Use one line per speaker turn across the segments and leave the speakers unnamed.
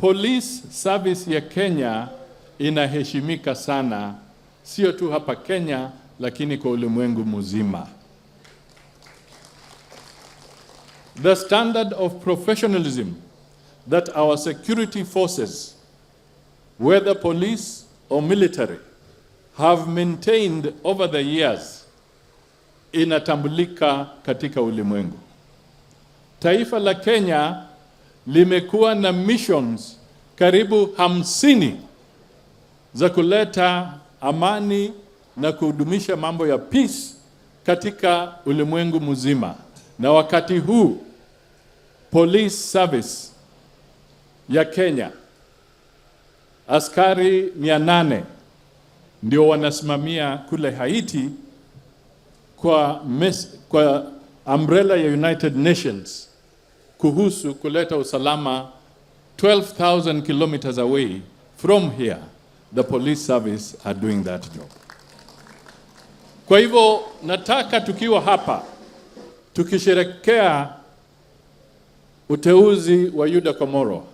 Police service ya Kenya inaheshimika sana, sio tu hapa Kenya, lakini kwa ulimwengu mzima. The standard of professionalism that our security forces, whether police or military, have maintained over the years inatambulika katika ulimwengu. Taifa la Kenya limekuwa na missions karibu hamsini za kuleta amani na kuhudumisha mambo ya peace katika ulimwengu mzima, na wakati huu police service ya Kenya askari mia nane ndio wanasimamia kule Haiti kwa, mes, kwa umbrella ya United Nations kuhusu kuleta usalama 12,000 kilometers away from here. The police service are doing that job. Kwa hivyo nataka tukiwa hapa tukisherekea uteuzi wa Yuda Komoro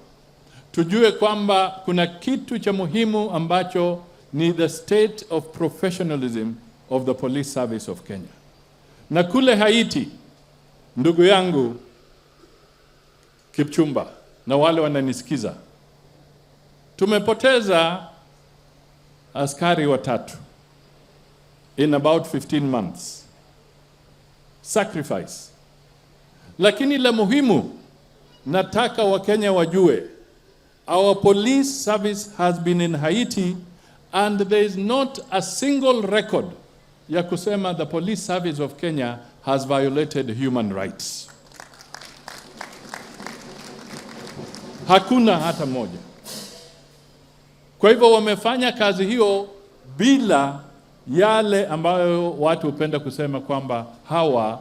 tujue kwamba kuna kitu cha muhimu ambacho ni the state of professionalism of the police service of Kenya. Na kule Haiti ndugu yangu Kipchumba na wale wananisikiza, tumepoteza askari watatu in about 15 months sacrifice. Lakini la muhimu, nataka Wakenya wajue our police service has been in Haiti and there is not a single record ya kusema the police service of Kenya has violated human rights. hakuna hata moja. Kwa hivyo wamefanya kazi hiyo bila yale ambayo watu hupenda kusema kwamba hawa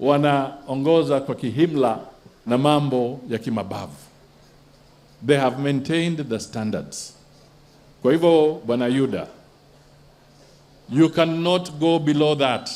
wanaongoza kwa kihimla na mambo ya kimabavu. They have maintained the standards. Kwa hivyo Bwana Yuda, you cannot go below that.